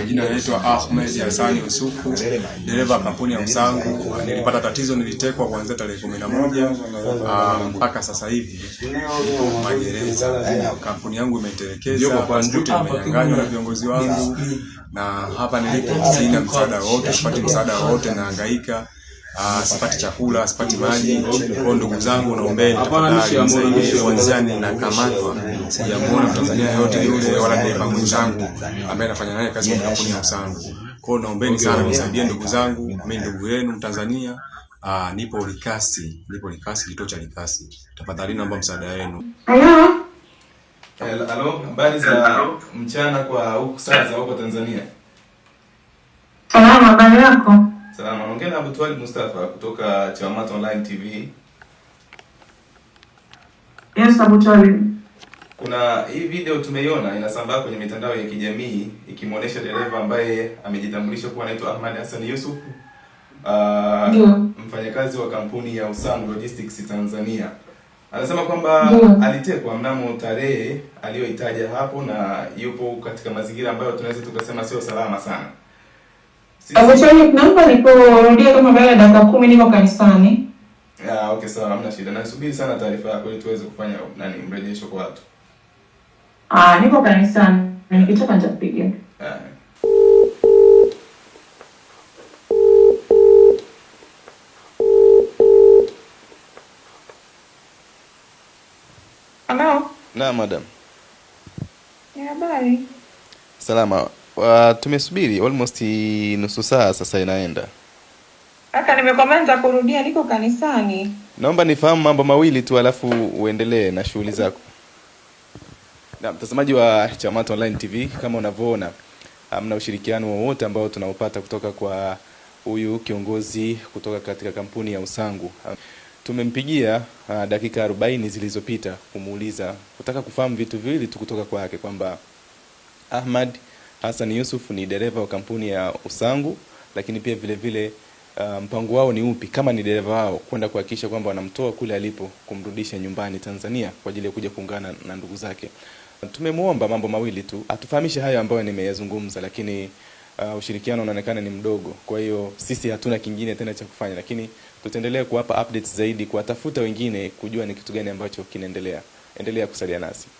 majina yanaitwa Ahmed Hassan Yusufu, dereva kampuni ya Msangu. Nilipata tatizo, nilitekwa kuanzia tarehe 11 ah, mpaka sasa hivi magereza. Kampuni yangu imetelekezwa kwa imenyang'anywa na viongozi wangu, na hapa nilipo sina msaada wowote, sipati msaada wowote, nahangaika Uh, sipati chakula, sipati maji. Kwa ndugu zangu, naombeni tafadhali msaidie wanzani na kamatwa. Sijamuona Mtanzania yote yule wala dereva zangu ambaye anafanya naye kazi kwenye kampuni ya Msangu. Kwa hiyo naombeni sana msaidie ndugu zangu, mimi ndugu yenu Mtanzania. Uh, nipo Likasi, nipo Likasi, kituo cha Likasi. Tafadhali naomba msaada wenu. Halo, habari za mchana kwa huku sasa huko Tanzania. Salama, habari yako? Salama, naongea na Abu Twalib Mustafa kutoka Chawamata Online TV. Yes, Abu Twalib. Kuna hii video tumeiona inasambaa kwenye mitandao ya kijamii ikimwonyesha dereva ambaye amejitambulisha kuwa anaitwa Ahmad Hassan Yusuf. Uh, yeah. Mfanyakazi wa kampuni ya Usam Logistics Tanzania. Anasema kwamba yeah, alitekwa mnamo tarehe aliyoitaja hapo na yupo katika mazingira ambayo tunaweza tukasema sio salama sana. Abushani, naomba nikurudia kama baada dakika kumi niko kanisani. Ah, okay sawa, hamna shida. Nasubiri sana taarifa yako ili tuweze kufanya nani mrejesho kwa watu. Ah, niko kanisani. Nikitoka nitakupigia. Ah. Hello. Na madam. Ya habari. Salama uh, tumesubiri almost nusu saa sasa inaenda. Kaka, nimekomanza kurudia, niko kanisani. Naomba nifahamu mambo mawili tu alafu uendelee na shughuli zako. Na mtazamaji wa Chamato Online TV, kama unavyoona hamna ushirikiano wowote ambao tunaopata kutoka kwa huyu kiongozi kutoka katika kampuni ya Usangu. Tumempigia uh, dakika 40 zilizopita kumuuliza kutaka kufahamu vitu viwili tu kutoka kwake kwamba Ahmad Hassan Yusuf ni dereva wa kampuni ya Usangu, lakini pia vile vile uh, mpango wao ni upi kama ni dereva wao kwenda kuhakikisha kwamba wanamtoa kule alipo kumrudisha nyumbani Tanzania kwa ajili ya kuja kuungana na ndugu zake. Tumemwomba mambo mawili tu, atufahamishe hayo ambayo nimeyazungumza, lakini uh, ushirikiano unaonekana ni mdogo. Kwa hiyo sisi hatuna kingine tena cha kufanya, lakini tutaendelea kuwapa updates zaidi, kuwatafuta wengine, kujua ni kitu gani ambacho kinaendelea. Endelea kusalia nasi.